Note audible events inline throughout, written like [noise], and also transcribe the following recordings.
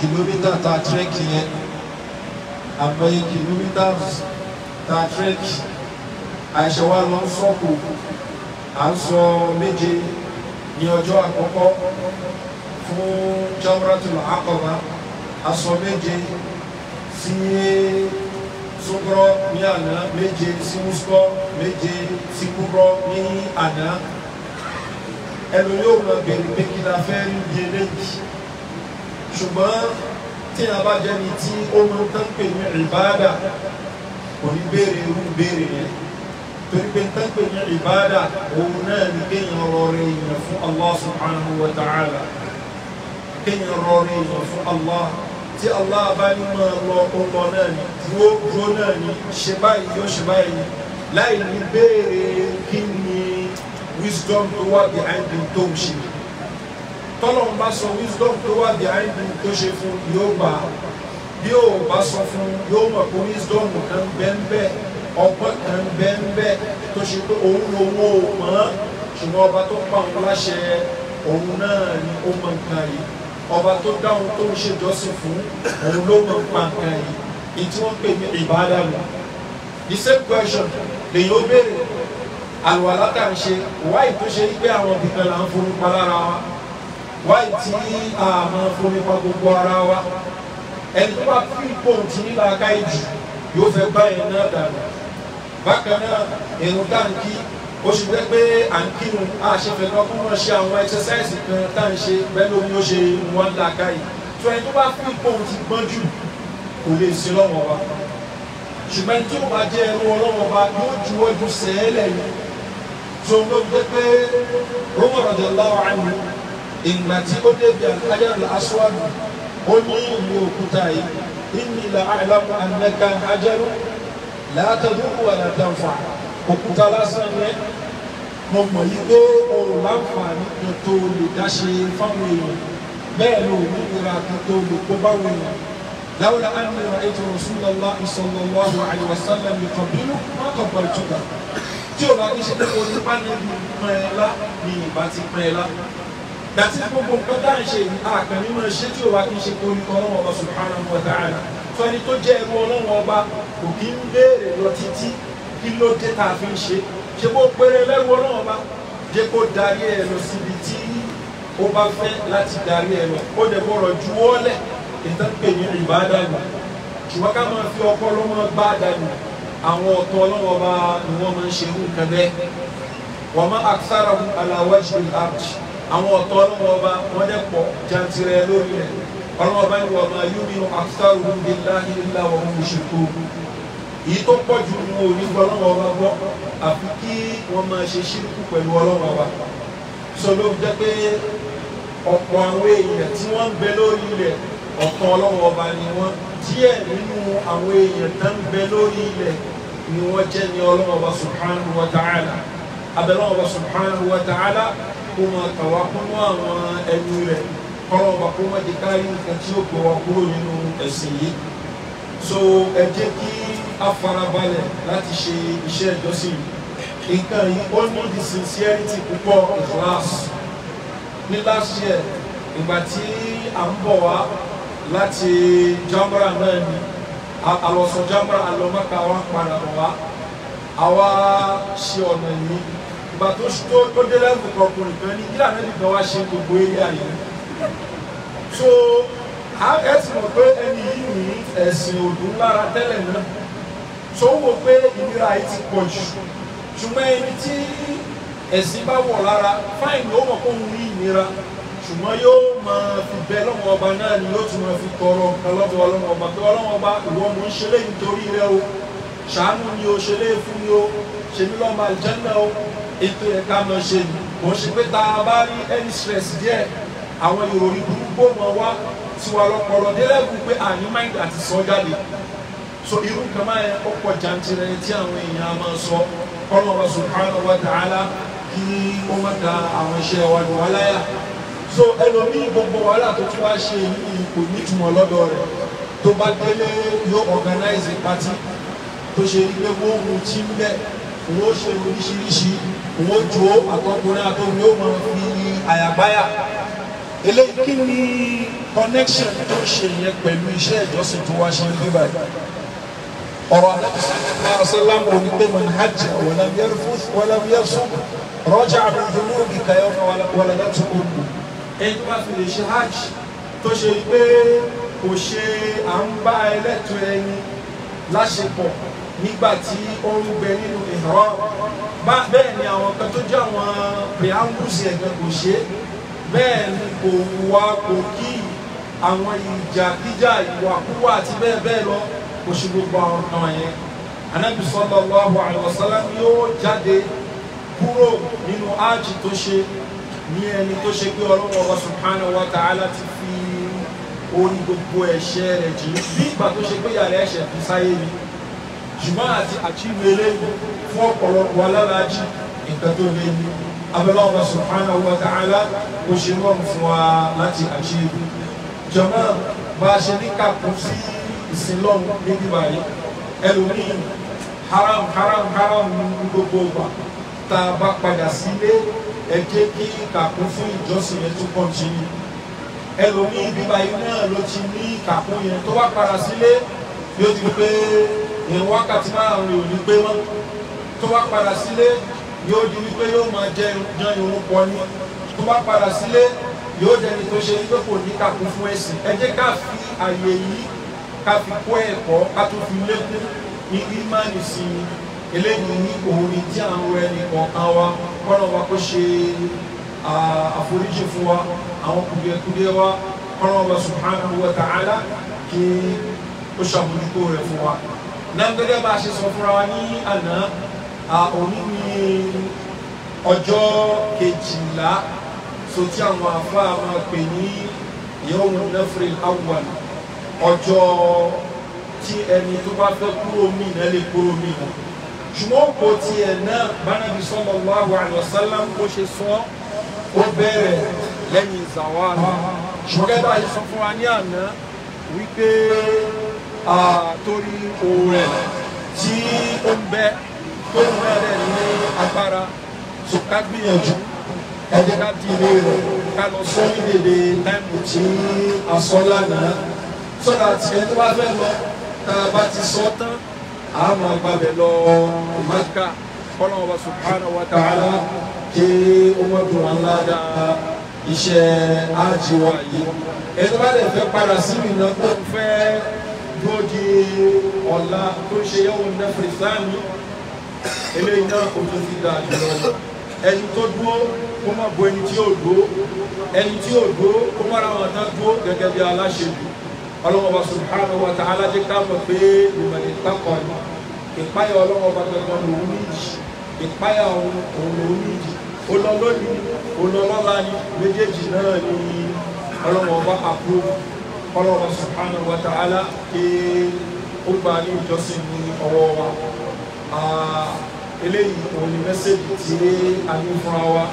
kìlómítà tá a tírẹ́kì yẹn àmọye kìlómítà tá a tírẹ́kì àìṣe wa lọ ń sọ́kù à ń sọ méje ní ọjọ́ àkọ́kọ́ fún jamratul akọba a sọ si sí sukọrọ ní àná méje sí muskọ méje sí kúrọ ní àná yóò máa bèrè pé kí la fẹ́ rí di ṣùgbọ́n tí a bá jẹni tí ó mọ tán pè ní ìbáàdà kò ní béèrè irú béèrè yẹn torí pé tán pè ní ìbáàdà òun náà ni kéèyàn rọrẹ èèyàn fún Allah subhanahu wa ta'ala kéèyàn rọrẹ èèyàn fún Allah tí Allah bá ní máa lọ ọlọ náà ni dúró dúró náà ni ṣe báyìí yóò ṣe báyìí láì ní béèrè kí ni wisdom tó wà behind the dome ṣe ni tọ́lọ́run bá sọ wisdom tó wà behind him tó ṣe fún yóò gbà á bí ò bá sọ fún yóò mọ̀ pé wisdom kan bẹ́ẹ̀ ọgbọ́n kan bẹ́ẹ̀ tó ṣe pé òun lòun ò mọ̀ ṣùgbọ́n ọba tó pa òun láṣẹ òun náà ni ó mọ̀ nǹkan yìí ọba tó dáhùn tó ń ṣèjọsìn fún òun ló mọ̀ pa nǹkan yìí èyí tí wọ́n pè ní ìbáadá the same question lèyìn ó béèrè àlùwàlá ń ṣe wáyé tó ṣe é àwọn ibìkan là ń forúkọ lára wa wáyé tí a máa fomi pa gbogbo ara wa ẹni tó bá fi pòun ti nílà káyé jù yóò fẹ́ gbá yẹn náà dànù bákan náà irun táǹkì ó ṣe jẹ́ pé à ń kírun a ṣe fẹ́ lọ fún wọn ṣe àwọn ẹ̀sẹ̀sáìsì kan tá à ń ṣe bẹ́ẹ̀ lómi ó ṣe wọn nílà káyé tó ẹni tó bá fi pòun ti gbọ́n jù kò lè sí lọ́wọ́ wa ṣùgbọ́n tí ó bá jẹ́ ẹrú ọlọ́wọ́ wa yóò juwọ́ ju sẹ́ẹ̀lẹ̀ yìí tó ń lọ ìgbà tí ó débi àjáde aṣọ́wájú ó ní ìlú òkúta yìí inni la a'lamu annaka hajarun la tadurru wa la tanfa òkúta lásán yẹn mo mọ̀ yí pé òun láǹfààní kan tó lè dáṣe fáwọn èèyàn bẹ́ẹ̀ ló ní ìlera kan tó lè kó báwọn èèyàn lawla anni ra'aytu rasulallahi sallallahu alaihi wasallam yuqabbilu ma qabbaltuka tí o bá ní ṣe pé o ní bá níbi pẹ́ẹ́lá ní ìbá ti pẹ́ẹ́lá dàtí gbogbo nǹkan tá à ń ṣe àkàn nínú ṣé tí o wá kí n ṣe kó orí kan lọ́wọ́ ọba subhanahu wa ta'ala fẹni tó jẹ́ ẹrú ọlọ́run ọba kò kí ń béèrè lọ títí kí ló dé tá a fi ń ṣe ṣe bó péré lẹ́rú ọlọ́run ọba jẹ́ kó darí ẹ lọ síbi tí ó bá fẹ́ láti darí ẹ lọ ó dẹ̀ bọ̀rọ̀ ju wọ́lẹ̀ ìtàkùn èyí rìbá dànù ṣùgbọ́n ká máa fi ọpọlọ máa gbá dànù àwọn ọ̀tọ̀ ọlọ́run ọba ni wọ́n máa ń ṣe nǹkan bẹ́ẹ̀ wọ́n máa àkàrà àlàwájú àrùn àwọn ọ̀tọ̀ ọlọ́wọ́ ọba wọ́n dẹ̀ pọ̀ jantirẹ lórí rẹ̀ ọlọ́wọ́ ọba ìwọ ọmọ yúmi akitaru billahi illa wa hum mushrikun èyí tó pọ̀ jù ní òní gbọ́ ọlọ́wọ́ ọba gbọ́ àfi kí wọ́n máa ṣe ṣírùkù pẹ̀lú ọlọ́wọ́ ọba sọ ló jẹ́ pé ọ̀pọ̀ àwọn èèyàn tí wọ́n ń bẹ lórí ilẹ̀ ọ̀tọ̀ ọlọ́wọ́ ọba ni wọ́n díẹ̀ nínú àwọn èèyàn tó ń bẹ lórí ilẹ̀ ni wọ́n jẹ́ ní ọlọ́wọ́ ọba subhanahu abẹ́lẹ́ ọba subhanahu wa ta'ala kó mọ tàwa kó mọ àwọn ẹnu rẹ̀ kọ́lọ́ ọba kó mọ jẹ́ká yín nǹkan tí ó gbọ́ wa kúrò nínú ẹ̀sìn yìí so ẹ jẹ́ kí a farabalẹ̀ láti ṣe iṣẹ́ ìjọsìn yìí nǹkan yìí ó ní di sincerity púpọ̀ ikhlas ní last year ìgbà tí à ń bọ̀ wá láti jamra náà ni àlọ́sọ jamra àlọ́mọ́ka wa ń padà wá àwa ṣe ọ̀nà yìí ìgbà tó tó dé lẹ́gùn kan ni kan ní ìlànà nìkan wá ṣe gbogbo eré àyè so ẹ ti mọ̀ pé ẹni yìí ní ẹ̀sìn òdùn lára tẹ́lẹ̀ náà so wò pé ìnira yìí ti pọ̀ jù ṣùgbọ́n ẹni tí ẹ̀sìn bá wọ̀ lára fáìn ló mọ̀ kó ń rí ìnira ṣùgbọ́n yóò máa fi bẹ lọ́wọ́ ọba náà ni yóò tún máa fi tọrọ nǹkan lọ́dọ̀ ọlọ́wọ́ ọba pé ọlọ́wọ́ ọba ìwọ mò ń ṣe lé nítorí rẹ o ṣàánú ni o ètò ẹ̀ka lọ ṣe kò ṣe pé tá a bá rí any stress díẹ̀ àwọn ìròyìn burúkú mọ̀ wá tiwa lọ́pọ̀lọ́ délẹ́gùn pé àní mind àti sọ jáde so irú nǹkan máa yẹ ọ̀pọ̀ jantirẹ tí àwọn èèyàn máa sọ kọ́nà wa subhanahu wa ta'ala kí ó má da àwọn iṣẹ́ wa ní wàhálà yá so ẹlòmíì gbogbo wàhálà tó tún wá ṣe yìí kò nítumọ̀ lọ́dọ̀ rẹ̀ tó bá délé yóò organize party tó ṣe ilé wọ́n mu tí ń bẹ̀ wọ́n ṣe oríṣiríṣi wọ́n ju àtọkùnrin àtọkùnrin yóò máa fi àyàgbáyà eléyìí kí ni connection tó ṣe yẹn pẹ̀lú iṣẹ́ ìjọsìn tó wá ṣe ń gbé báyìí ọ̀rọ̀ aláṣẹ́lámù ní pé man hajj walam yarfuth walam yafsuq rọ́jà àbúrò bí kàyọ́ wàlàdà tó kó lù ẹni bá fi lè ṣe hajj tó ṣe pé kò ṣe à ń bá ẹlẹ́tọ̀ọ́ ẹni láṣepọ̀ nígbà tí ó ń gbẹ nínú ìhàn bẹ́ẹ̀ ni àwọn kan tó jẹ́ àwọn preambles ẹ̀gbẹ́ kò ṣe bẹ́ẹ̀ ni kò wá kò kí àwọn ìjàkíjà ìwàkúwà àti bẹ́ẹ̀ bẹ́ẹ̀ lọ kò ṣe gbogbo àwọn kan yẹn anabi sallallahu alaihi wasallam yóò jáde kúrò nínú áàjì tó ṣe ní ẹni tó ṣe pé ọlọ́wọ́ wa subhanahu wa ta'ala ti fi orí gbogbo ẹ̀ṣẹ̀ rẹ̀ jì bí ìgbà tó ṣe pé yàrá ẹ̀ṣẹ̀ fi sáyé ni ṣùgbọ́n àti àchíwèé lẹ́yìn fún ọ̀pọ̀lọpọ̀ alálàájì nǹkan tó lé ní abẹ́lẹ́ ọba subhanahu wa ta'ala kò ṣe mọ́ fún wa láti àṣírí jọ̀mọ́ bá a ṣe ní kàkún sí ìsìn lọ́run níbi báyìí ẹlòmíì haram haram haram gbogbo wa tá a bá padà sílé ẹ jẹ́ kí kàkún fún ìjọsìn yẹn tún kọ́ńtínú ẹlòmíì bíbá yìí náà ló ti ní kàkún yẹn tó wá padà sílé yóò ti pé ìwọ́n wákàtí márùn-ún ò ní pé wọ́n tó bá padà sílé yóò di wípé yóò máa jẹ jẹ́ irun pọ̀ ní tó bá padà sílé yóò jẹni tó ṣe wípé kò ní kàkún fún ẹ̀sìn ẹ jẹ́ ká fi àyè yìí ká fi kó ẹ̀kọ́ ká tó fi lékún ní ìmánì sí i eléyìí ní òun ni tí àwọn ẹnì kọ̀ọ̀kan wa kọ́nà wa kó ṣe àforíjì fún wa àwọn kùdìẹ̀kùdìẹ̀ wa kọ́nà wa subhanahu wa ta'ala kí ó ṣàbójútó rẹ̀ fún wa. náà bá a ṣe sọ fúnra wa ní àná òní ni ọjọ́ kejìlá so tí àwọn àfáà máa pè ní yawmun nefril awwal ọjọ́ tí ẹni tó bá fẹ́ kúrò mí náà lè kúrò mí náà ṣùgbọ́n kò tiẹ̀ náà bánabi sallallahu alaihi wasallam kó ṣe sọ ó bẹ̀rẹ̀ lẹ́yìn zawal ṣùgbọ́n bá yìí sọ fún wa ní àná wípé torí òòrẹ̀ tí ó ń bẹ pé òun náà rẹ̀ ní agbára tó ká gbìyànjú ẹ jẹ́ ká di ilé rẹ̀ ká lọ sórí dèdè táìmù tí a sọ lánàá sọ́dà tí ẹni wá fẹ́ lọ tá a bá ti sọ tán a máa gbàgbé lọ Mákà kọ́lọ́n wa subhanahu wa ta'ala kí ọmọ dùn án ládàá iṣẹ́ àjíwá yìí ẹni bá lè fẹ́ padà síbi náà tó ń fẹ́ dúró ọ̀la tó ń ṣe yẹ́wò náà fìrìsánì eléyìí náà ojú ti dáa jùlọ ẹni tó dúró kó má bo ẹni tí yóò dúró ẹni tí yóò dúró kó má ra wọn tán dúró gẹ́gẹ́ bí aláṣejù ọlọ́wọ́ bá subhanahu wa ta'ala jẹ́ ká mọ̀ pé ìmọ̀lẹ̀ takọ̀ ni que ọlọ́wọ́ bá gbẹ̀gbọ́n lòún níjì ìpáyà òun lòún níjì olọlọ́ni olọlọ́la ni méjèèjì náà ni ọlọ́wọ́ bá approve ọlọ́wọ́ subhanahu wa ta'ala kí ó gbà ní ìjọsìn ní ọwọ́ eléyìí òun ni mẹ́sẹ̀gì tí a ní fúnra wa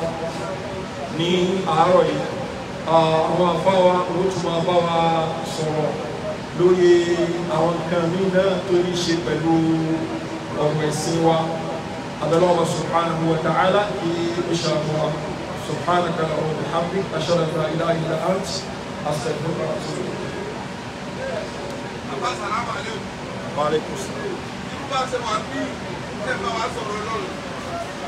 ní àárọ̀ yìí àwọn àfáwa ó tún máa bá wa sọ̀rọ̀ lórí àwọn nǹkan míì náà tó ní ṣe pẹ̀lú ọ̀rọ̀ ẹ̀sìn wa abẹ́lọ́wọ́ subhanahu wa ta'ala kí ó ṣàkóso subhanaka wa bihamdik ashhadu an la ilaha illa ant astaghfiruka wa atubu ilayk. Wa alaykum assalam bá ṣe wà bí ẹ̀fà wa sọ̀rọ̀ lọ́rùn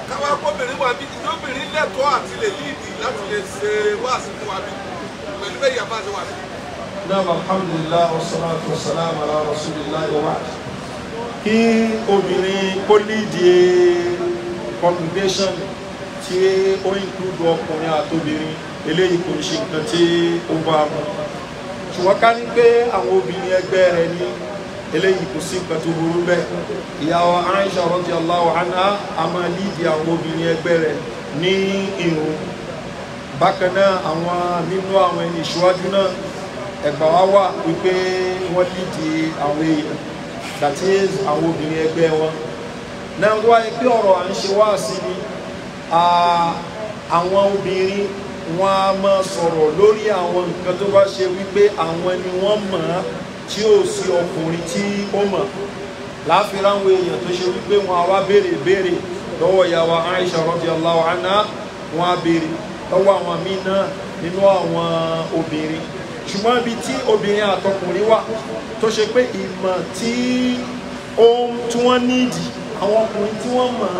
káwá kóbìnrin wa bí lóbìnrin lẹ́tọ̀ọ́ àti lè líìdì láti lè ṣe wáàsí fún wa bí pẹ̀lú bẹ́ẹ̀ yàrá ṣe wà bí. náà alhamdulilah wasalaatu wasalaamu ala rasulillah yorùbá kí obìnrin kó líìdì congregation tí ó include ọkùnrin àtobìnrin eléyìí kò ń ṣe nǹkan tí ó bá a mú ṣùgbọ́n ká ní pé àwọn obìnrin ẹgbẹ́ rẹ̀ ní eléyìí kò sí nǹkan tó burú bẹ́ẹ̀ ìyàwó Aisha radiyallahu anha a máa lídì àwọn obìnrin ẹgbẹ́ rẹ̀ ní irun bákan náà àwọn nínú àwọn ẹni ìṣíwájú náà ẹgbà wá wà wípé wọ́n lídì àwọn èèyàn that is àwọn obìnrin ẹgbẹ́ wọn náà wá pé ọ̀rọ̀ à ń ṣe wá sí ni àwọn obìnrin wọn a máa sọ̀rọ̀ lórí àwọn nǹkan tó bá ṣe wípé àwọn ni wọ́n mọ̀ ọ́ tí ó sí ọkùnrin tí ó mọ̀ láàfin àwọn èèyàn tó ṣe wípé wọn àwa béèrè béèrè lọ́wọ́ ìyàwó Aisha radiyallahu anha wọn á béèrè lọ́wọ́ àwọn míì náà nínú àwọn obìnrin ṣùgbọ́n ibi tí obìnrin àtọkùnrin wà tó ṣe pé ìmọ̀ tí ohun tí wọ́n nídìí àwọn ọkùnrin tí wọ́n mọ̀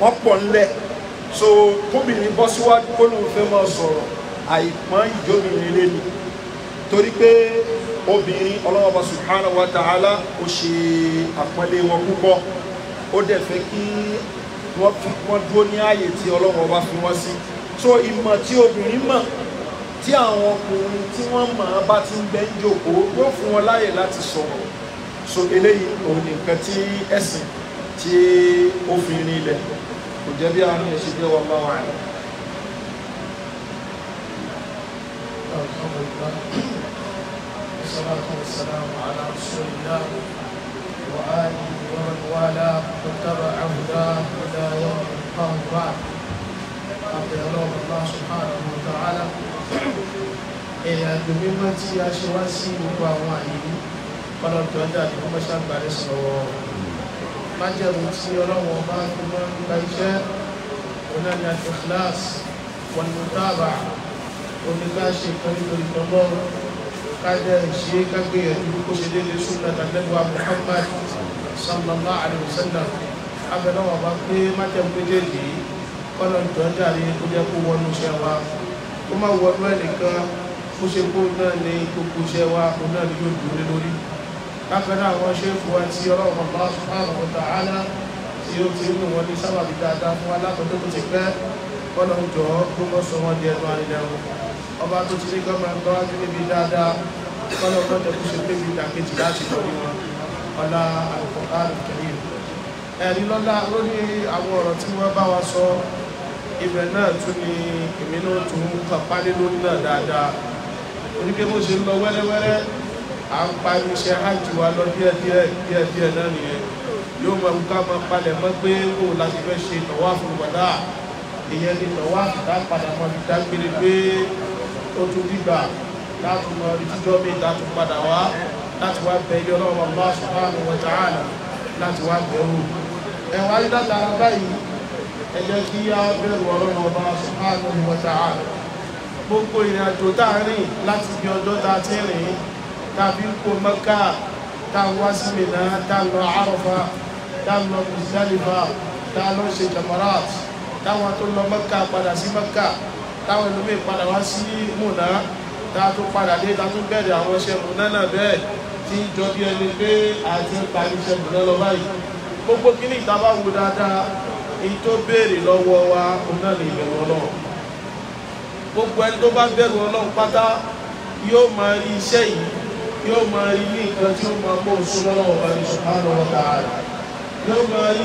wọ́n pọ̀ ńlẹ̀ so kóbìnrin bọ́ síwájú kó lóun fẹ́ máa sọ̀rọ̀ àìpọ́n ìjóbìnrin lé ni torí pé obìnrin ọlọ́wọ́ba subhanahu wa ta'ala ó ṣe àpọ́nlé wọn púpọ̀ ó dẹ̀ fẹ́ kí wọ́n fi wọ́n dúró ní ààyè tí ọlọ́wọ́ba fi wọ́n sí so ìmọ̀ tí obìnrin mọ̀ tí àwọn ọkùnrin tí wọ́n mọ̀ ọ́n bá ti ń bẹ́ ń jókòó yóò fún wọn láàyè láti sọ̀rọ̀ so eléyìí òun nìkan tí ẹ̀sìn tí ó fi rin ilẹ̀ kò jẹ́ bí àwọn ẹ̀ṣẹ̀ jẹ́ wọn bá wà ní. والصلاة والسلام على رسول الله وآله ومن والاه واتبع هداه إلى يوم يلقاه بعد عبد الله سبحانه وتعالى èèyàn àjò mímọ́ tí a ṣe wá sí gbogbo àwọn àyè yìí ọlọ́dún ọjà ni wọ́n mọ́ṣá gbàrẹ́ sọ̀rọ̀ májẹ̀mú tí ọlọ́wọ́n bá ń gbọ́ nípa iṣẹ́ onáni àti kíláàsì wọn ni mo dábàá onígbà ṣe kan nítorí kájẹ́ ṣe kágbé ẹ̀dùn kó ṣe déédéé súnà Muhammad sallallahu alaihi wasallam abẹ́lọ́wọ̀ bá pé májẹ̀mú méjèèjì kọ́nà ìjọ́járe kó jẹ́ kó wọnú iṣẹ́ wa kó má wọnú ẹnìkan kó ṣe kó náà ní gbogbo iṣẹ́ wa kó náà ní yóò dúró lórí subhanahu wa ta'ala tí ó ti mú wọn ní sábàbí dáadáa fún wa látọ̀dọ́ tó ti pẹ́ kọ́nà ìjọ́ mọ́ sọ wọn di ẹnu àrídẹ́rùn ọba tó ti ní gọ́mà gbọ́wá sí níbi dáadáa kọ́lọ̀ mọ́jọ kó ṣe pé bíta kejì láti tọ́jú wọn ọlá alùpùpù kẹrin ẹ̀rí lọ́lá lórí àwọn ọ̀rọ̀ tí wọ́n bá wa sọ ibẹ̀ náà tún ni èmi náà tún ń kàn pálé lórí náà dáadáa orí pé mo ṣe ń lọ wẹ́rẹ́wẹ́rẹ́ à ń parí iṣẹ́ hajj wa lọ díẹ̀díẹ̀ díẹ̀díẹ̀ náà nìyẹn yóò máa ká máa palẹ̀ mọ́ pé kò láti fẹ́ ṣe tọ̀wá fún wàdà ìyẹn ni tọ̀wá ó tún gbígbà láti mọ ibi tíjọ́ mi láti padà wá láti wá bẹ ilé ọlọ́run Allah subhanahu wa ta'ala láti wá bẹ̀rù ẹ̀wọ̀n ayé látara báyìí ẹ jẹ́ kí á bẹ̀rù ọlọ́run ọba subhanahu wa ta'ala gbogbo ìrìn àjò tá a rìn láti ibi ọjọ́ tá a ti rìn tàbí kó Mẹ́kà tá a wá sí Mínà tá a lọ Àràfà tá a lọ Muzdalifa tá a lọ ṣe jamarat táwọn tó lọ Mẹ́kà padà sí Mẹ́kà táwọn ẹlòmíì padà wá sí múná tá a tún padà dé tá a tún bẹ̀rẹ̀ àwọn iṣẹ́ múná náà bẹ́ẹ̀ tí ń jọ bí ẹni pé àti ń parí iṣẹ́ múná lọ báyìí gbogbo kíní ìta bá wo dáadáa èyí tó béèrè lọ́wọ́ wa múná lè bẹ̀rù ọlọ́run gbogbo ẹni tó bá bẹ̀rù ọlọ́run pátá yóò máa rí iṣẹ́ yìí yóò máa rí ní nǹkan tí ó máa mú òṣù lọ́wọ́ ọba ní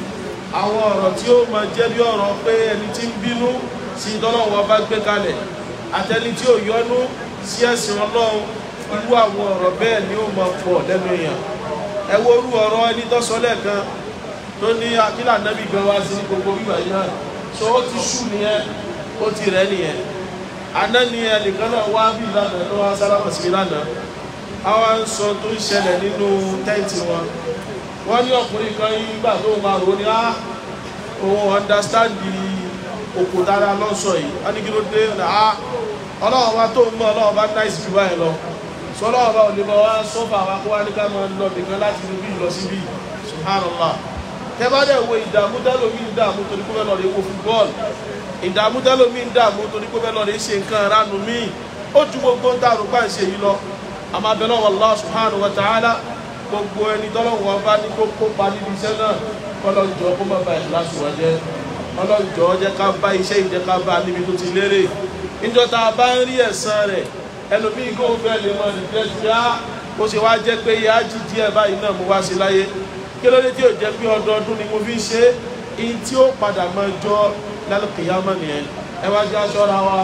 àwọn ọ̀rọ̀ tí ó máa jẹ́ bí ọ̀rọ̀ pé ẹni tí ń bínú sí ìdánwò bá gbé kalẹ̀ àtẹni tí ò yọnu sí ẹ̀sìn ọlọ́run irú àwọn ọ̀rọ̀ bẹ́ẹ̀ ni ó máa pọ̀ lẹ́nu èèyàn ẹ wo orú ọ̀rọ̀ ẹni tó sọ lẹ́ẹ̀kan tó ní akílà nẹ́bí gan wá sí gbogbo bíbá yìí náà so o ti ṣú nìyẹn ti ẹnìkan náà wá bí wọ́n ní ọkùnrin kan yí gbà tó wà rò ní ah, ohun ọ̀ndàstáǹdì lọ́sọ̀ yìí wọ́n ní kí ló dé ọ̀nà ah, tó ń náìsì jù báyìí lọ sọ ọlọ́run bá òní bọ́ wá sọ́fà wá kó wá ní ká máa lọ nìkan láti rí bí lọ síbí subhanallah tẹ bá dẹ̀ wo ìdààmú dẹ́lómi ń torí lọ gbogbo ẹni tọ́lọ́wọ́ bá ní kó kópa nínú iṣẹ́ náà kọ́lọ́jọ́ kó má ba ìlàsù wa jẹ́ ọlọ́jọ́ jẹ́ ká bá iṣẹ́ ìjẹ́ ká bá níbi tó ti lérè níjọ́ tá a bá ń rí ẹ̀san rẹ̀ ẹnu bí igbó fẹ́ lè mọ nìjẹ́ ti á ó ṣe wá jẹ́ pé ìyá jù díẹ̀ báyìí náà mo wá sí láyé kí ló dé tí ò jẹ́ pé ọdọọdún ni mo fi ń ṣe in tí ó padà mọ jọ lálùkìyámọ̀ nìyẹn ẹ wá jẹ́ aṣọ́ra wa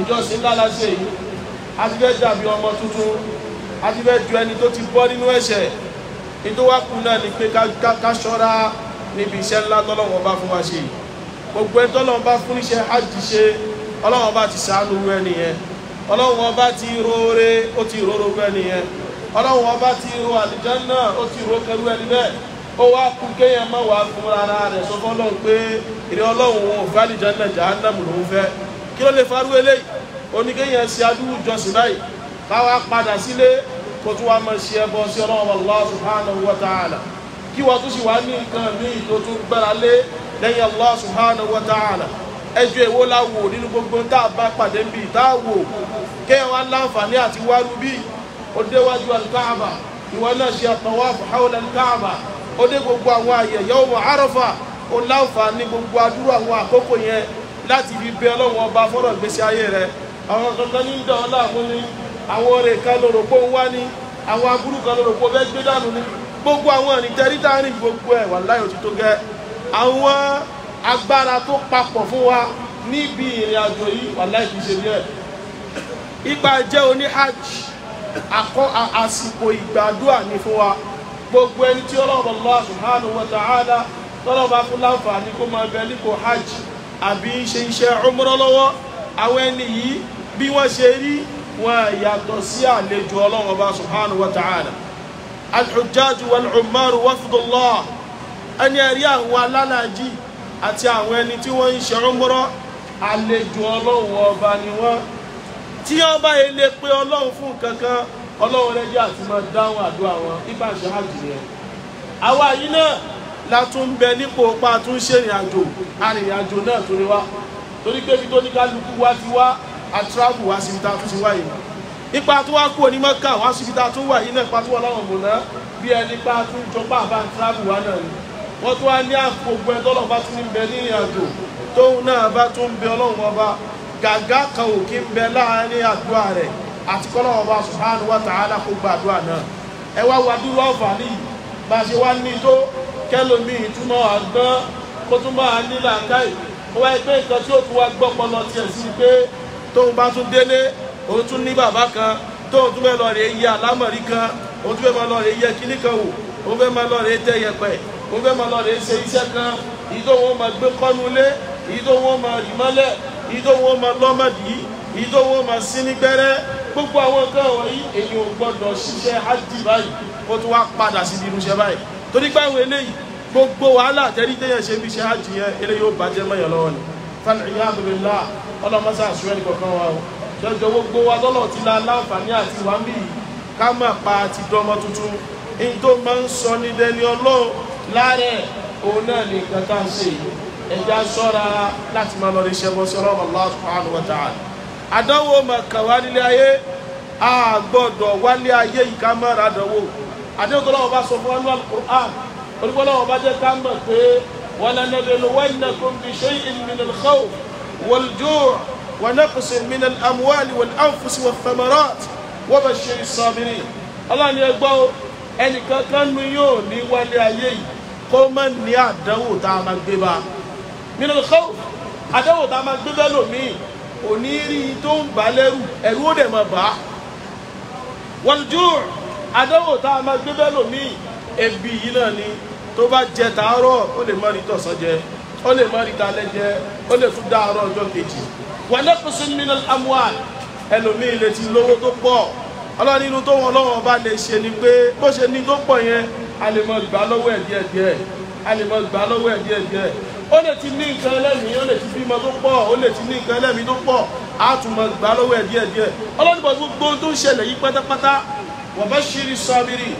ìjọsìn ńlá la ṣe yìí a ti fẹ́ ju ẹni tó ti bọ́ nínú ẹ̀ṣẹ̀ ní tó wá náà ni pé ká ṣọ́ra níbi iṣẹ́ ńlá tọ́lọ́wọ́n bá fún wa ṣe gbogbo ẹni tọ́lọ́wọ́n bá fún iṣẹ́ hajj ṣe ọlọ́wọ́n bá ti ṣàánú rú ẹni yẹn ọlọ́wọ́n bá ti roore ó ti róró rú ẹni yẹn ọlọ́wọ́n bá ti ro àlìjánná ó ti ro kẹrú ẹni bẹ́ẹ̀ ó wá kú kéèyàn má wàá fún rárá rẹ̀ sọ fọ́lọ́hún pé èrè ọlọ́run òun òfẹ́ àlìjánná jàánàmù lòún fẹ́ kí ló lè farú eléyìí oníkéèyàn ṣe adúrú jọsìn kó tún wá mọ́ sí ẹbọ sí ọlọ́run Allah subhanahu wa ta'ala kí wọ́n tún sì wá ní nǹkan míì tó tún gbára lé lẹ́yìn Allah subhanahu wa ta'ala ẹjọ́ èwo la wò nínú gbogbo tá a bá pàdé bíi tá a láǹfààní àti wárú bíi ó déwájú alkaaba ìwọ náà ṣe àtọwáfù hawla alkaaba ó dé gbogbo àwọn àyè yawmu Arafa ó láǹfààní gbogbo adúrú àwọn àkókò yẹn láti fi bẹ Ọlọ́run ọba fọ́rọ̀ ìgbésí ayé rẹ àwọn kankan ní ń dán ní àwọn ọ̀rẹ́ kan lọ́rọ̀ pé wá ní àwọn aburú kan pé ni gbogbo àwọn ìrìntẹ́rí tá a rìn gbogbo wà láyò tí tó gẹ àwọn agbára tó papọ̀ fún wa níbi ìrìn àjò yìí wà láyò tí ṣe ipa gbogbo ẹni tí ọlọ́run tọ́lọ́ba fún láǹfààní kó máa bẹ hajj àbí ṣe iṣẹ́ lọ́wọ́ àwọn ẹni yìí bí wọ́n ṣe rí wọn yàtọ̀ sí àlejò ọlọ́run ọba subhanahu wa ta'ala alhujjaju wal'ummaru wafdullah ẹni ẹ̀rí àwọn alálàájì àti àwọn ẹni tí wọ́n ń ṣe àlejò ọlọ́run ọba ni wọ́n tí wọ́n bá lè pe ọlọ́run fún kankan ọlọ́run rẹ jẹ́ àti máa dáhùn àdúrà wọn la tún bẹ nípò pa tún wa torí pé ibi tó ní kálukú àtúrábù wá síbi tá a ti wáyé ipa tó wá kú onímọ̀ká wá síbi tá a tún wáyé náà ipa tó wọ́n láwọn mọ̀nà bí ẹni pa tún jọpá àbá àtúrábù wá náà ni wọ́n tún wá ní àgbogbo ẹ̀tọ́ lọ́ba tún ní bẹ ní ìrìnàjò tóun náà bá tún ń bẹ ọlọ́run ọba gàgá kan ò kí ń bẹ láàrin àdúrà rẹ̀ àti kọ́lọ́run ọba subhanahu wa ta'ala kó gba àdúrà náà ẹ wá wá dúró àǹfààní yìí bá a ṣe wá ní tó kẹlòmíì ìtumọ̀ àgbọn kó tún bá a nílà káyì ó wáyé pé nǹkan tí ó tún wá gbọ́ pọlọ tiẹ̀ sí pé tóun bá tún délé òun tún ní bàbá kan tóun tún fẹ́ lọ rè yẹ àlámọ̀rí kan òun tún fẹ́ máa lọ rè yẹ kíní kan wò òun fẹ́ máa lọ rè tẹ yẹpẹ̀ òun fẹ́ máa lọ rè ṣe iṣẹ́ kan èyí tó wọn máa gbé kọ́nu lé èyí tó wọn máa rì mọ́lẹ̀ èyí tó wọn máa lọ́mọdì èyí tó wọn máa sí ní gbẹ́rẹ́ gbogbo àwọn nǹkan wọ̀nyí èyí ò gbọ́dọ̀ ṣiṣẹ́ hajj báyìí kó tó wá padà síbi irúṣẹ́ báyìí torí pé àwọn eléyìí gbogbo wàhálà àtẹ́rí téèyàn ṣe bí ṣe hajj yẹn eléyìí ó bàjẹ́ mọ́yàn lọ́wọ́ ni fal iyadu billah ọlọ́mọsá àṣù ẹni kọ̀ọ̀kan wa o jọjọ gbogbo wa lọ́lọ́ ti la láǹfààní àti ìwà ń bì yìí ká má pa ti dọ́mọ tuntun ní tó máa ń sọ ní dẹni ọlọ́run láàrẹ̀ òun náà ní nǹkan tá à ń ṣe yìí ẹ̀já sọ́ra láti máa lọ rí ṣẹ́gun sí ọlọ́run Allah subhanahu wa ta'ala àdánwò màkàwá nílé ayé a wálé ayé yìí ká má ra àdánwò àdéhùn tó bá sọ fún anú al-Qur'an olùkọ́ lọ́wọ́ bá jẹ́ ká mọ̀ pé wọ́n lẹ́nu ẹ̀dẹ̀ والجوع ونقص من الأموال والأنفس والثمرات وبشر الصابرين الله ni ẹgbọ́ ẹnì kankan nu yóò ní wálé ayé yìí kó má ní àdánwò tá a máa gbé bá min al-khawf àdánwò tá a máa gbé bẹ́ẹ̀ lòmíì onírí tó ń bà lẹ́rù ẹ̀rù ó dẹ̀ máa wal-ju' àdánwò tá a máa gbé bẹ́ẹ̀ ebi yìí náà ni tó bá jẹ tàárọ̀ ó lè má rí tọ̀sán jẹ ó lè má rí dalẹ̀ jẹ ó lè tún dáàárọ̀ ọjọ́ kejì wọn lè fún sinmi ní amual ẹlòmíì lè ti lówó tó pọ̀ ọlọ́ni inú tó wọn lọ́wọ́ bá lè ṣe ni pé bó ṣe ní tó pọ̀ yẹn a lè mọ ìgbà lọ́wọ́ ẹ̀ díẹ̀ díẹ̀ a lè mọ ìgbà lọ́wọ́ ẹ̀ díẹ̀ díẹ̀ ó lè ti ní nǹkan ẹlẹ́mìí ó lè ti bímọ tó pọ̀ ó lè ti ní nǹkan ẹlẹ́mìí tó pọ̀ á tún mọ ìgbà lọ́wọ́ ẹ̀ díẹ̀ díẹ̀ ọlọ́ni bọ̀ gbogbo tó ń ṣẹlẹ̀ yí pátápátá wa bashiri sabiri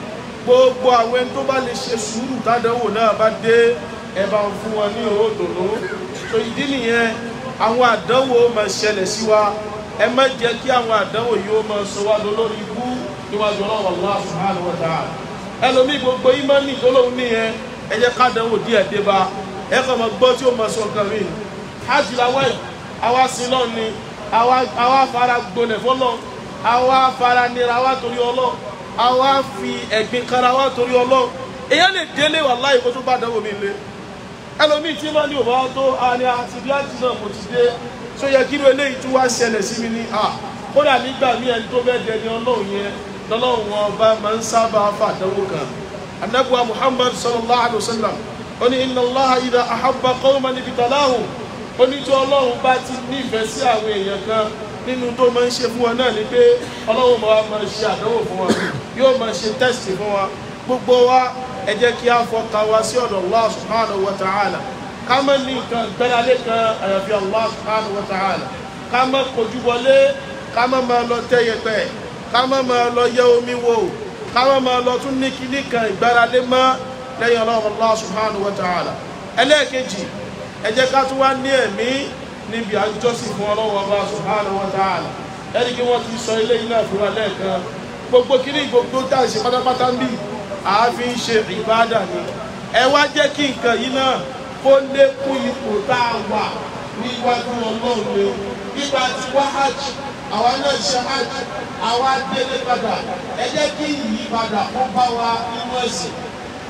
gbogbo àwọn ẹni tó bá lè ṣe sùúrù tádánwò náà bá dé ẹ bá ń fún wọn ní owó dòdò so ìdí nìyẹn àwọn àdánwò máa ṣẹlẹ̀ sí wa ẹ má jẹ́ kí àwọn àdánwò yìí ó máa sọ wá lọ lórí ikú níwájú ọlọ́wọ́ Allah subhanahu wa ta'ala ẹlòmíì gbogbo ìmánì gbólóhùn nìyẹn ẹ jẹ́ ká dánwò díẹ̀ dé bá ẹ kàn máa gbọ́ tí ó máa sọ nǹkan mìíràn hajj làwọn yìí àwa sí lọ́ọ̀ ni àwa fara gbolẹ̀ fọlọ́ àwa fara nira wa torí ọlọ́ àwa fi ẹ̀gbin kara wa torí ọlọ́ èèyàn lè délé wàláhì kó tó bá dánwò mi lé ẹlòmíì tí mọ́ ní òbá tó a ní àtìbí àti náà mo ti dé tó yẹ kí irú eléyìí tún wá ṣẹlẹ̀ sí mi ní à kódà nígbà mí ẹni tó bẹ́ẹ̀ dẹni ọlọ́run yẹn lọ́lọ́run wọn ọba máa ń sábà fàdánwò kan anabuwa muhammad sallallahu alayhi wa sallam ó ní inna allaha idha ahabba qawman ibtalahum ó ní tí ọlọ́run bá ti nífẹ̀ẹ́ sí àwọn èèyàn kan nínú tó máa ń ṣe fún wọn náà ni pé ọlọ́run máa máa ṣe àdánwò fún wọn yóò máa ṣe tẹ́sì fún wọn gbogbo wa ẹ jẹ́ kí a fọkàn wa sí ọ̀dọ̀ Allah subhanahu wa ta'ala ká má ní nǹkan gbẹ́lálé kan àyàfi Allah subhanahu wa ta'ala ká má kojú wọlé ká má máa lọ tẹ́ yẹpẹ̀ ká má máa lọ yẹ omi wò ká má máa lọ tún ní kíní kan ìgbáralé mọ́ lẹ́yìn ọlọ́run Allah subhanahu wa ta'ala ẹlẹ́ẹ̀kejì ẹ ká tún wá ní ẹ̀mí níbi àjọsìn fún ọlọ́run Allah subhanahu wa ta'ala ẹni kí wọ́n ti sọ ilé iná ìfúnra lẹ́ẹ̀kan gbogbo kíní gbogbo tá pátápátá ń bì a fi ń ṣe ìbádà ni ẹ wá jẹ́ kí nǹkan yìí náà kó lékún ipò tá a wà ní ọlọ́run ni nípa ti wá hajj àwa náà ṣe hajj àwa délé padà ẹ jẹ́ kí yìí padà kó bá wa nínú ẹ̀sìn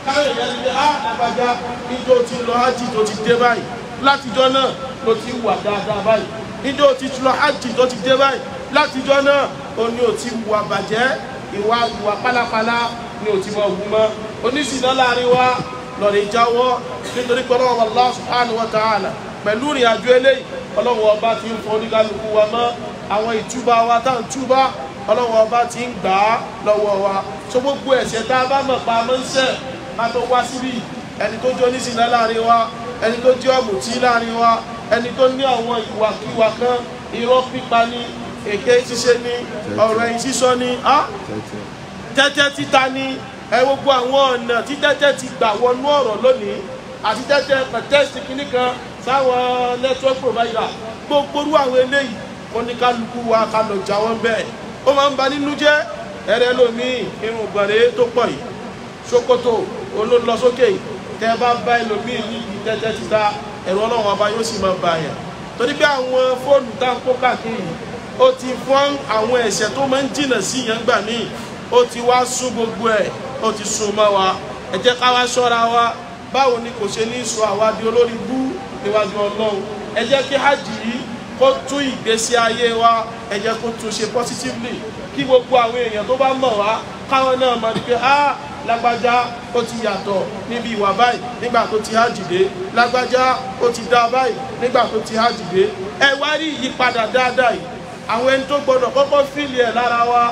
káyọ̀ yẹn ni a ah, àgbàjá níjó ti lọ hajj tó ti dé báyìí látijọ́ náà ló ti wà dáadáa báyìí níjó ti lọ hajj tó ti dé báyìí látijọ́ náà ó ní ò ti wà bàjẹ́ ìwà ìwà pálapàla ní òtí mọ́ ogun mọ́ oníṣìná láàrin wa lọ́rẹ̀ jáwọ́ nítorí pé ọlọ́run Allah subhanahu wa ta'ala pẹ̀lú ìrìn àjò eléyìí ọlọ́run ọba ti ń fọ oníkálukú wa mọ́ àwọn ìtúbà wa tá ń túbà ọlọ́run ọba ti ń gbà á lọ́wọ́ wa tó gbogbo ẹ̀ṣẹ̀ tá a bá mọ̀ pa mọ́ ń sẹ̀ má tó wá síbí ẹni tó jó oníṣìná láàrin wa ẹni tó jẹ́ ọ̀mùtí láàrin wa ẹni tó ní àwọn ìwàkiwà kan irọ́ pípa ni èké ṣíṣe ni ọ̀rọ̀ ẹ̀yìn sísọ ni tẹ́tẹ́ títa ni ẹ gbogbo àwọn ọ̀nà tí tẹ́tẹ́ ti gbà wọnú ọ̀rọ̀ lónìí àti tẹ́tẹ́ pẹ̀tẹ́sì kìíní kan sáwọn network provider gbogbo orú àwọn eléyìí wọn ní kálukú wa ká lọ jà wọn bẹ́ẹ̀ ó máa ń ba nínú jẹ́ ẹ̀rẹ́ lómii irun gbọ̀nrẹ́ tó pọ̀ yìí ṣòkòtò olólọsókè tẹ́ bá bá ẹlòmíì ní tẹ́tẹ́ títa ẹ̀rọ ọlọ́run ọba yóò sì máa bá yàn torí bí àwọn fóònù tá à ń kó káàkiri ó ti fún àwọn ẹ̀ṣẹ̀ tó máa ń jìnnà sí yẹn gbà míì ó ti wá sún gbogbo ẹ̀ ó ti sún mọ́ wa ẹ jẹ́ ká wá ṣọ́ra wa báwo ni kò ṣe ní sọ àwa di olórí bú níwájú ọlọ́run ẹ jẹ́ kí hajj yìí kó tún ìgbésí ayé wa ẹ jẹ́ kó tún ṣe positively kí gbogbo àwọn èèyàn tó bá mọ̀ wá káwọn náà mọ̀ ní pé ah lágbájá ó ti yàtọ̀ níbi ìwà báyìí nígbà tó ti hajj dé lágbájá ó ti dá báyìí nígbà tó ti hajj dé ẹ wá rí ìyípadà dáadáa yìí àwọn ẹni tó gbọdọ̀ kọ́kọ́ fìlì ẹ̀ lára wa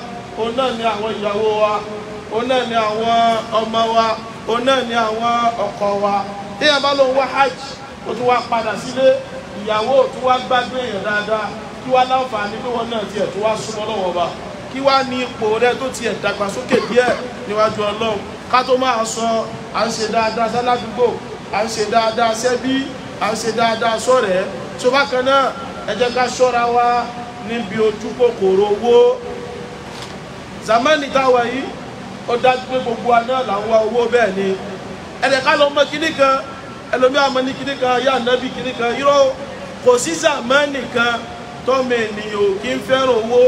òun náà ni àwọn ìyàwó wa òun náà ni àwọn ọmọ wa òun náà ni àwọn ọkọ wa téèyàn bá lóun wá hajj ó tún wá padà sílé ìyàwó ó tún wá gbàgbé dáadáa kí wá láǹfààní pé wọn náà tiẹ̀ tó wá súnmọ́ lọ́wọ́ ọba kí wá ní ipò rẹ tó tiẹ̀ dàgbàsókè díẹ̀ níwájú ọlọ́run ká tó máa sọ à ń ṣe dáadáa à ń ṣe dáadáa zamani táwa yìí ó dájú pé gbogbo aná là ń wá owó bẹ́ẹ̀ ni ẹ̀ẹ́dẹ̀ká lọ mọ kíní kan ẹlòmíà mọ ní kíní kan yá ànábì kíní kan irọ́ kò sí zamani kan tọ́mọ ènìyàn ò kí ń fẹ́ràn owó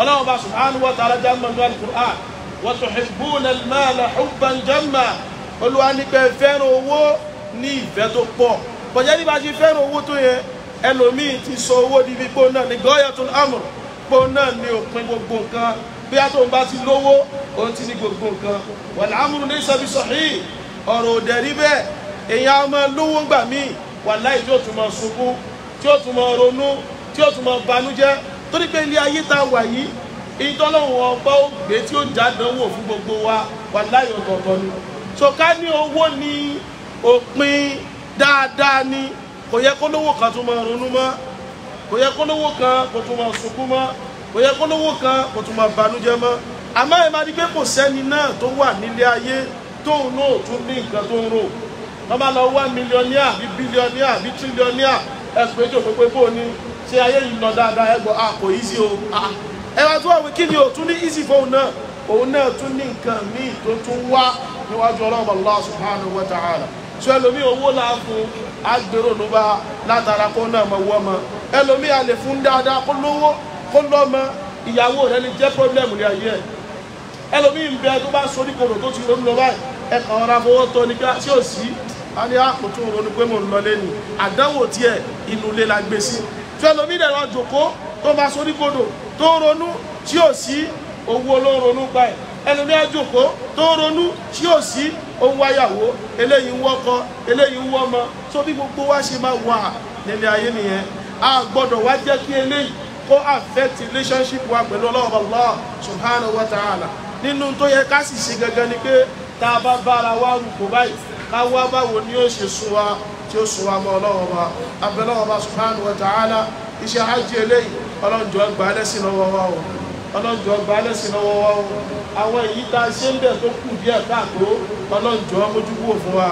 ọlọ́run bá subhanahu wa ta'ala já mọ̀ ní alukur'an wa tuhibbuna al-mala hubban jamma olúwa ní pé owó ní ìfẹ́ tó pọ̀ bọ̀jẹ́ ní bá ṣe fẹ́ràn owó tó yẹ ẹlòmíì ti sọ owó di bí gbóná ní gọ́yàtul amr gbóná ní òpin gbogbo nǹkan bí a tó ń bá ti lówó òun ti ní gbogbo nǹkan wàlá amúrú ní sọbi sọ̀hí ọ̀rọ̀ òdẹ̀ rí bẹ́ẹ̀ èèyàn á máa lówó ńgbà míì wàlá yìí tí ó tún máa sunkún tí ó tún máa ronú tí ó tún máa banújẹ́ torí pé ilé ayé tá a wà yìí ìtọ́lọ́wọ́ ọgbà ògbé tí ó jádánwò fún gbogbo wa wàlá yìí ọ̀tọ̀ọ̀tọ̀ ni so ní owó ni òpin dáadáa ni kò yẹ kó lówó kan tún máa ronú mọ́ kò yẹ kó lówó kan kó tún máa sunkún mọ́ kò kan kò tún máa banújẹ́ mọ́ àmọ́ ẹ máa di pé kò náà tó wà nílé ayé tóun náà tún ní nǹkan tó ń rò wọ́n bá lọ wá ni ṣé ayé yìí lọ dáadáa ẹ a kò easy o ẹ wá tó àwọn kí ni o tún ní easy fóun náà òun náà tún ní nǹkan míì tó tún wá níwájú ọlọ́run subhanahu wa ta'ala ẹlòmíì owó là ń fún agbèrò ló bá látara kó náà wọ́ ẹlòmíì fún dáadáa kó lọ́mọ ìyàwó rẹ lè jẹ́ pọ́blẹ́mù ní ayé ẹ̀ ẹlòmíì ń bẹ tó bá sórí kòrò tó ti ronú lọ báyìí ẹ kàn ọ̀rọ̀ afọwọ́ tó ní sí a ní àpò ah, tó ronú pé mò ń lọ lẹ́nu àdánwò tiẹ̀ inú ilé la gbé sí tí ẹlòmíì dẹ̀ lọ jòkó tó bá sórí kòrò tó ronú tí ó sí owó ló ronú pa ẹ̀ ẹlòmíì àjòkó tó ronú tí ó sí ó ń wáyàwó eléyìí ń wọ́kọ eléyìí ń wọ́mọ tó gbogbo wa ṣe máa wà nílé ayé nìyẹn a gbọ́dọ̀ wá jẹ́ kí eléyìí kó affect relationship wa pẹ̀lú ọlọ́ọ̀bà Allah subhanahu wa ta'ala nínú tó yẹ ká sì ṣe gangan ni pé tá a bá bára wa rúkọ báyìí ká wá báwo ni ó ṣe sún tí ó sún wa ọlọ́ọ̀bà abẹ́lọ́ọ̀bà subhanahu wa ta'ala iṣẹ́ hajj eléyìí ọlọ́njọ́ gbà lẹ́sìn lọ́wọ́ wa o ọlọ́njọ́ gbà lẹ́sìn lọ́wọ́ wa o àwọn èyí tá a ṣe ń bẹ̀ tó kù díẹ̀ káàtó ọlọ́njọ́ mójúkúwò fún wa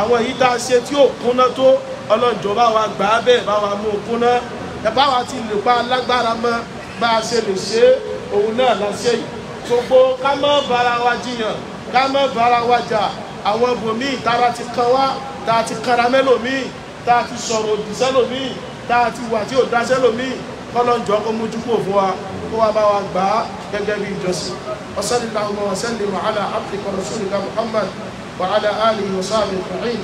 àwọn èyí tá a ṣe tí ò kúnná tó ọlọ́njọ́ bá wa gbà á bẹ́ẹ̀ bá wa mú kúnná ẹ̀bá wa ti lè pa lágbára mọ́ bá a ṣe lè ṣe òun náà láṣẹ yìí gbogbo ká má bára wa jiyàn ká má bára wa jà àwọn ibòmíì tára ti kan wá tá ti kanra mẹ́lòmíì tá ti sọ̀rọ̀ òdì sẹ́lòmíì tá ti wà tí ò dá sẹ́lòmíì kọ́lọ́njọ́ kó mójú kò fún wa kó wa bá wa gbà á gẹ́gẹ́ bí ìjọsìn ọ̀sán ìlànà ọ̀sán wàhálà áfíríkà rasulika muhammad وعلى آله وصحبه أجمعين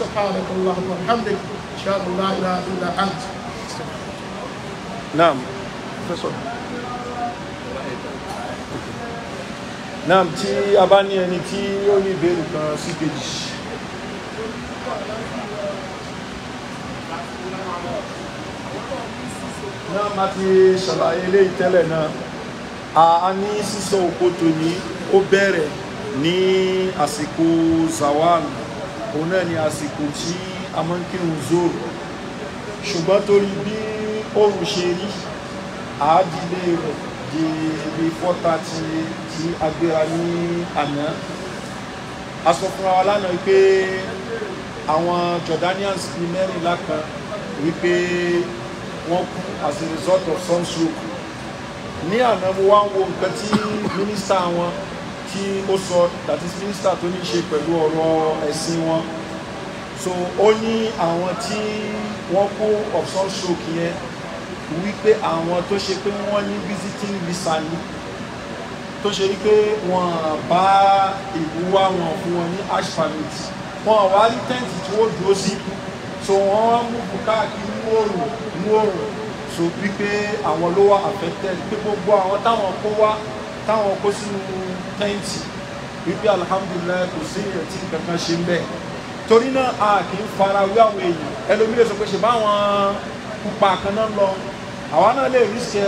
سبحانك اللهم وبحمدك أشهد أن لا إله إلا أنت Naam, professor. Naam, tí a bá ní ẹni tí ó ní ìbéèrè kan sí kejì. Naam, a ti ṣàlàyé eléyìí tẹ́lẹ̀ náà. A ní sísọ òkòtò ní ó bẹ̀rẹ̀ ní àsìkò zawal òun náà ni àsìkò tí a máa ń kírun zoro ṣùgbọ́n torí bí oòrùn ṣe rí àádìlé rẹ̀ di ibi fọ́ta ti ti agbéra ní àná a sọ fúnra wa lánàá wípé àwọn Jordanians bíi mẹ́rìnlá kan wípé wọ́n kú as a result of sunstroke ní àná mo wá ń wo nǹkan tí mínísítà wọn tí ó sọ that is mínísítà tó ní ṣe pẹ̀lú ọ̀rọ̀ ẹ̀sìn wọn so ó ní àwọn tí wọ́n kú of sunstroke yẹn wípé àwọn tó ṣe pé wọ́n ní visiting visa ní tó ṣe wípé wọ́n bá ìlú wá wọn fún wọn ní ash permit wọn wá rí tẹ́ǹtì tí wọ́n dúró sí so wọ́n mú káàkiri mú òrùn mú òrùn so wípé àwọn ló wà affected pé gbogbo àwọn táwọn kó wá táwọn kó sínú tẹ́ǹtì wípé alhamdulilayi kò sí ìrètí kankan ṣe ń bẹ̀ torí náà a kì í fara wé àwọn èèyàn ẹlòmíràn sọ pé ṣe báwọn pupa kan náà lọ àwa náà lè rí sẹ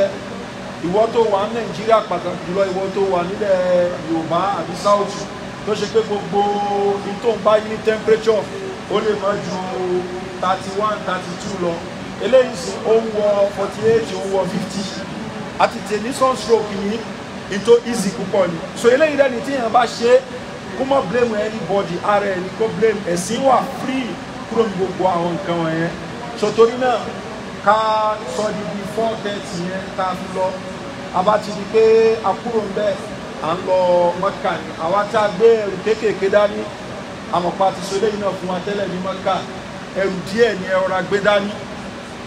ìwọ tó wà ní nàìjíríà pàtàkì jùlọ ìwọ tó wà nílẹ̀ yorùbá àbí south tó ṣe pé gbogbo ibi tó ń bá yí ní temperature ó lè má ju thirty one thirty two lọ eléyìí sì ó ń wọ forty eight ó ń wọ fifty àti tèmi sunstroke yìí ìtò easy púpọ̀ ni so eléyìí dẹ́ni tí èèyàn bá ṣe kó má blame anybody ara ẹni kó blame ẹ̀sìn wà free kúrò ní gbogbo àwọn nǹkan wọ̀nyẹn so torí náà ká sọ di bíi four thirty yẹn ká fi lọ abá ti di pé akúrò ń bẹ à ń lọ mọ́kà ni àwa tá a gbé ẹrù kéékèèké dání àmọ̀pá ti so eléyìí náà fún wa tẹ́lẹ̀ ní mọ́kà ẹrù díẹ̀ ni ẹrọra gbé dání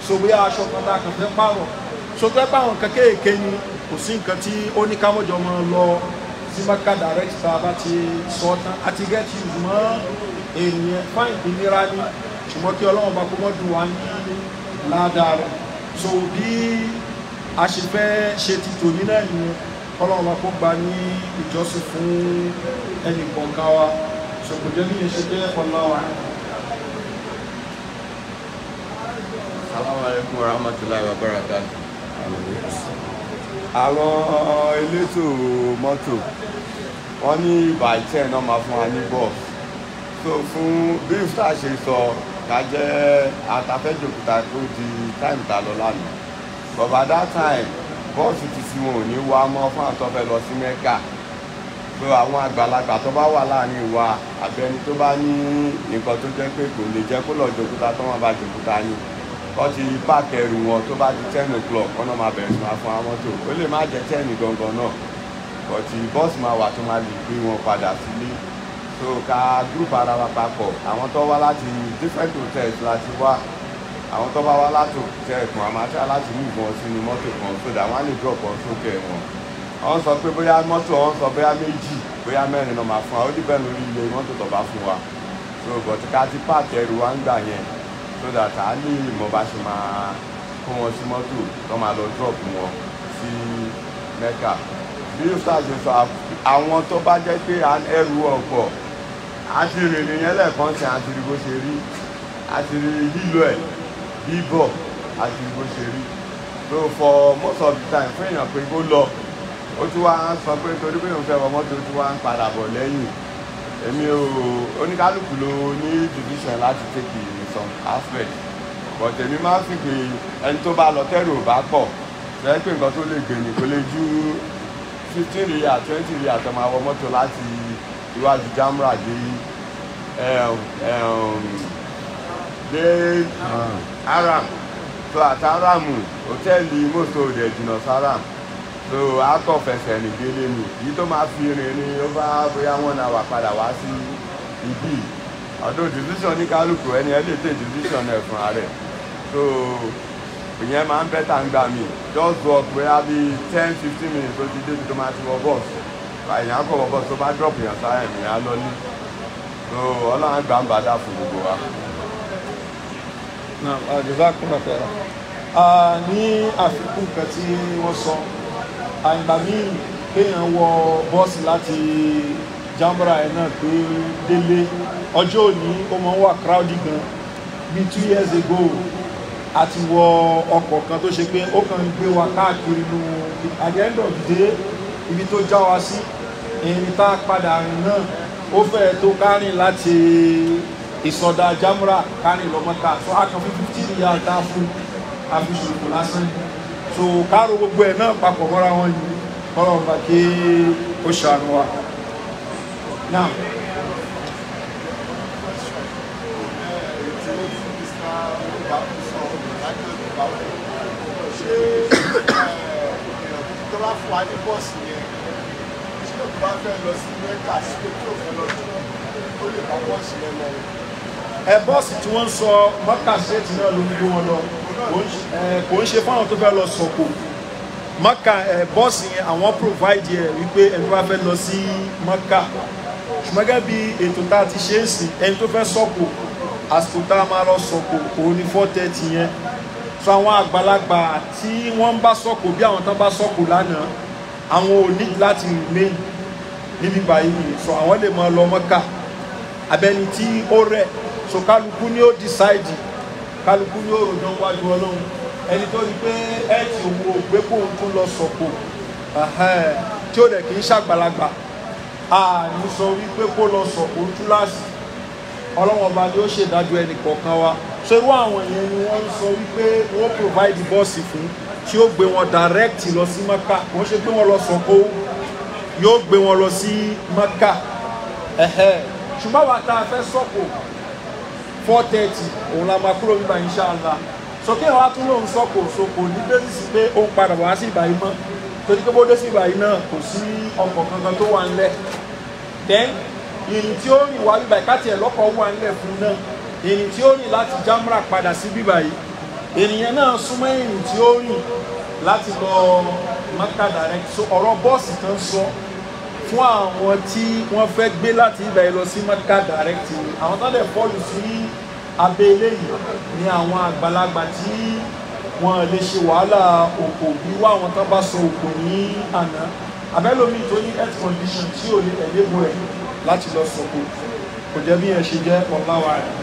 so bóyá aṣọ kan tá a kàn fẹ́ pààrọ̀ so fẹ́ pààrọ̀ nǹkan kéékèèké ni kò sí nǹkan tí ó ní kámọ́jọ mọ́ lọ sí mọ́kà direct tá a bá ti sọ tán àti get you mọ́ ènìyàn fáìn ìnira ni ṣùgbọ́n kí ọlọ́run bá kó mọ́ dùn wá ní ládàá so bí a ṣe fẹ́ ṣe ti tòní náà yẹn ọlọ́run bá kó gba ní ìjọsìn fún ẹnì kọ̀ọ̀kan wa so kò jẹ́ níyẹn ṣe jẹ́ ọlọ́wà. Assalamualaikum warahmatullahi wabarakatuh. Àwọn elétò mọ́tò wọ́n ní ìbàjẹ́ náà máa fún wa ní bọ́ọ̀sì. So fún bí ìfúta ṣe sọ ká jẹ́ àtàfẹ́jòkúta tó di time ta lọ lánàá but that time bọ́ọ̀sì ti si wọn ò ní wá mọ́ fún àtọ́fẹ́ lọ sí mẹ́kà pé àwọn àgbàlagbà tó bá wà láàrin wa àbẹ́ni tó bá ní nǹkan tó jẹ́ pé kò lè jẹ́ kó lọ jòkúta tó wọn bá jòkúta ni wọ́n ti páàkì ẹrù wọn tó bá di ten o'clock wọ́n náà máa bẹ̀rẹ̀ sí máa fún àwọn mọ́tò ó lè má jẹ́ ten gangan náà but bọ́ọ̀sì máa wà tó máa lè gbé wọn padà sílé so ká group ara wa papọ̀ àwọn tó wá láti different hotels láti wá àwọn tó bá wá láti hotel kan àmọ́ àti láti mú ìbọn sínú mọ́tò kan so that wọ́n á lè drop wọn sókè wọn wọ́n sọ pé bóyá mọ́tò wọ́n sọ bóyá méjì bóyá mẹ́rin náà máa fún wa ó dìbẹ́ lórí iye mọ́tò tó fún wa so but ká ti páàkì ẹrù wa ń gbà yẹn so that a ní ìmọ̀ bá ṣe máa kó wọn sí mọ́tò tó máa lọ drop wọn sí Mecca bí yóò ṣàṣe sọ àwọn tó bá jẹ́ pé ẹrù ọ̀pọ̀ àti yẹn lẹ́ẹ̀kan tí àti ṣe rí àti lílo ẹ̀ bíbọ̀ àti ṣe rí ló fọ most of the time fún èèyàn pé kó lọ ó ti wá sọ pé torí pé òun fẹ́ wọ mọ́tò tí wá ń padà bọ̀ lẹ́yìn èmi ò oníkálukú ló ní division láti tètè ìrìnsàn aspect but èmi máa ń fi pé ẹni tó bá lọ tẹ́rù ò bá pọ̀ fẹ́ pé nǹkan tó lè gbè ní kò lè ju fifteen riyal twenty riyal tó máa mọ́tò láti iwájú jamra dé um, um, dé ah. aram so àti aramu hòtẹ́ẹ̀lì mọ́tò rẹ̀ jìnnà sáram so akọ̀fẹsẹ̀ nìgbélé ni èyí tó máa fi rìn ní ó bá bóyá wọn náà wà padà wá sí ibí ọdún decision ní kálukú ẹni ẹ lè take decision ẹ fúnra rẹ̀ so ìyẹn máa ń bẹ́tà ń gbà mí just walk bóyá bíi ten fifteen minutes ó ti débi tó máa ti wọ bọ́ọ̀sì èèyàn kọ̀ bọ̀ tó bá drop èèyàn sára ẹ̀mí á lọ ní so ọlọ́run gbà ń bàdá fún gbogbo wa. ní àfikún kan tí wọ́n sọ àyìnbá míì kéèyàn wọ bọ́ọ̀sì láti Jambra ẹ̀ náà pé délé ọjọ́ òní ó máa ń wà crowded gan bíi two years ago àti wọ ọkọ̀ kan tó ṣe pé ó kàn ń gbé wa káàkiri nu at the end of the day ibi tó já wa sí ibi tá a padà rìn náà ó fẹ́ẹ̀ tó kárìn láti ìsọdá jámúra kárìn lọ́mọ́ta tó a kan fún fifteen ìyá ọ̀tá fún àfihàn lásán so káàrò gbogbo ẹ̀ náà papọ̀ mọ́ra wọn yìí kọ́lọ̀ ọ̀gbà kí ó ṣàánú wa bá fún wa ní bọ́ọ̀sì yẹn tí o bá fẹ́ lọ sí mẹ́ta sí pé tí o fẹ́ lọ sí o lè bá bọ́ọ̀sì yẹn lọ. ẹ bọ́ọ̀sì tí wọ́n ń sọ mọ́tà ṣéètì náà ló ń gbé wọn lọ kò ń ṣe fáwọn tó fẹ́ lọ sọ̀kò mọ́kà bọ́ọ̀sì yẹn àwọn provide ẹ̀ wípé ẹni bá fẹ́ lọ sí mọ́kà ṣùgbọ́n bí ètò tá a ti ṣe é sìn ẹni tó fẹ́ sọ̀kò àsìkò tá a máa lọ sọ̀kò òun ní four thirty yẹn so àwọn àgbàlagbà tí wọ́n ń bá sọ́kò bí àwọn tán bá sọ́kò lánàá àwọn ò ní láti remain níbi báyìí so àwọn lè máa lọ mọ́kà abẹ́ni tí ó rẹ̀ so kálukú ni ó decide kálukú ni ó ròjọ́ wájú ọlọ́run ẹni tó rí pé ẹ ti wo òpé kó ń tún lọ sọ̀kò tí ó dẹ̀ kì í ṣàgbàlagbà àní sọ wípé kó lọ sọ̀kò túláàsì ọlọ́wọ́n ọba ni ó ṣe ìdájọ́ ẹnì kọ̀ọ̀kan wa so irú àwọn èèyàn ni wọ́n sọ wípé wọ́n provide bọ́ọ̀sì fún tí ó gbé wọn direct lọ sí maka wọ́n ṣe pé wọ́n lọ sọ̀kò yóò gbé wọn lọ sí maka ṣùgbọ́n wa tá fẹ́ sọ̀kò four thirty òun la máa kúrò nígbà inṣàlá sókè wa tún lòun sọ̀kò sọ̀kò ní bẹ́sìsì pé ó ń padà wá sí ìbàyí mọ́ torí pé bó dé sí ìbàyí náà kò sí ọkọ̀ kankan tó wà ńlẹ̀ then ìrìn tí ó rìn wá bíbà ìkáàtì ẹ̀ lọ́kọ̀ wà ńlẹ̀ fún náà ìrìn tí ó rìn láti Jamra padà sí bíbà yìí ènìyàn náà súnmọ́ ìrìn tí ó rìn láti lọ Maka direct so ọ̀rọ̀ bọ́ọ̀sì tán sọ fún àwọn tí wọ́n fẹ́ gbé láti ibà yìí lọ sí Maka direct ni àwọn tó dẹ̀ fọ́ọ̀lù sí abẹ́ eléyìí ni àwọn àgbàlagbà tí wọ́n lè ṣe wàhálà òkò bí wá àwọn tó bá so òkò ní àná abẹ́lómi tó ní health condition tí ò lè tẹ̀lé bu ẹ̀ láti lọ sọ̀kò kò jẹ́ bí yẹn ṣe jẹ́ ọ̀làwà rẹ̀.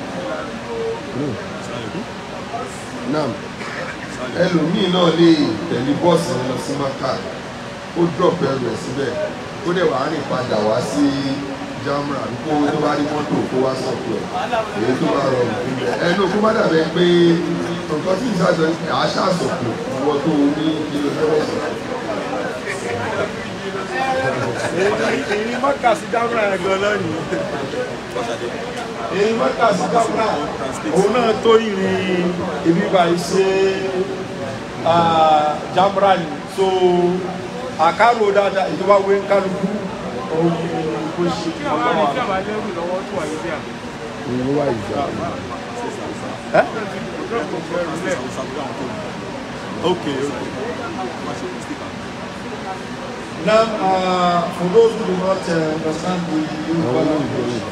naam ẹlòmíì náà lè tẹ̀lé bọ́ọ̀sì lọ sí maka ó drop ẹrù ẹ̀ síbẹ̀ ó dẹ̀ wàá rìn padà wá sí jamra kó tó bá rí mọ́tò kó wá sọ̀kò ẹ̀ èyí tó bá rọrùn fún mi ẹnu kó bá dàbẹ̀ pé nǹkan tí ìṣàjọ àṣà sọ̀kò ìwọ tó ní kí ló fẹ́ sọ̀kò èyí mọ́kà sí dámúrà yẹn gan lọ́yìn èyí mọ́kà sí dámúrà òun náà tó ìrìn ibi báyìí ṣe jámúrà yìí so àkàrò dáadáa ìjọba wé ń kálukú òun kò ṣe kí àwọn àrùn kí àwọn alẹ́rù lọ́wọ́ tó wà níbí à. ìlú wa ìjà ẹ. ok ok. Now, uh, for those who do not uh, understand the Yoruba language,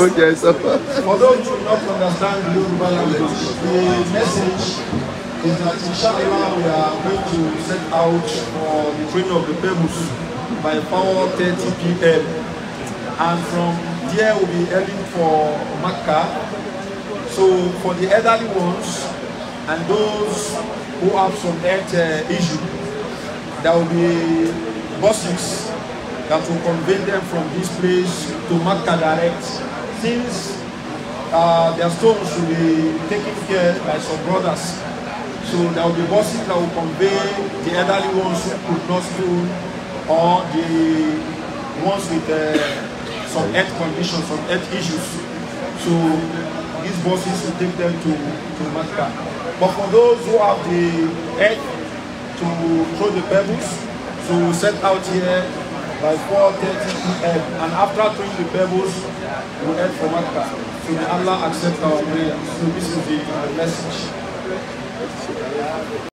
[laughs] okay, so, for those who do not understand the Yoruba language, the message is that inshallah we are going to set out for the training of the pebbles by 4.30 p.m. And from there we'll be heading for Makkah So for the elderly ones and those who have some health uh, issue, there will be buses that will convey them from this place to Makka direct. Since uh, their stones will be taken care by some brothers, so there will be buses that will convey the elderly ones who could not school or the ones with uh, some health conditions, some health issues. So these buses to take them to, to Mecca. But for those who have the edge to throw the pebbles, so we set out here by 4.30 p.m. And after throwing the pebbles, we head for Mecca. So may Allah accept our prayer. So this is the message.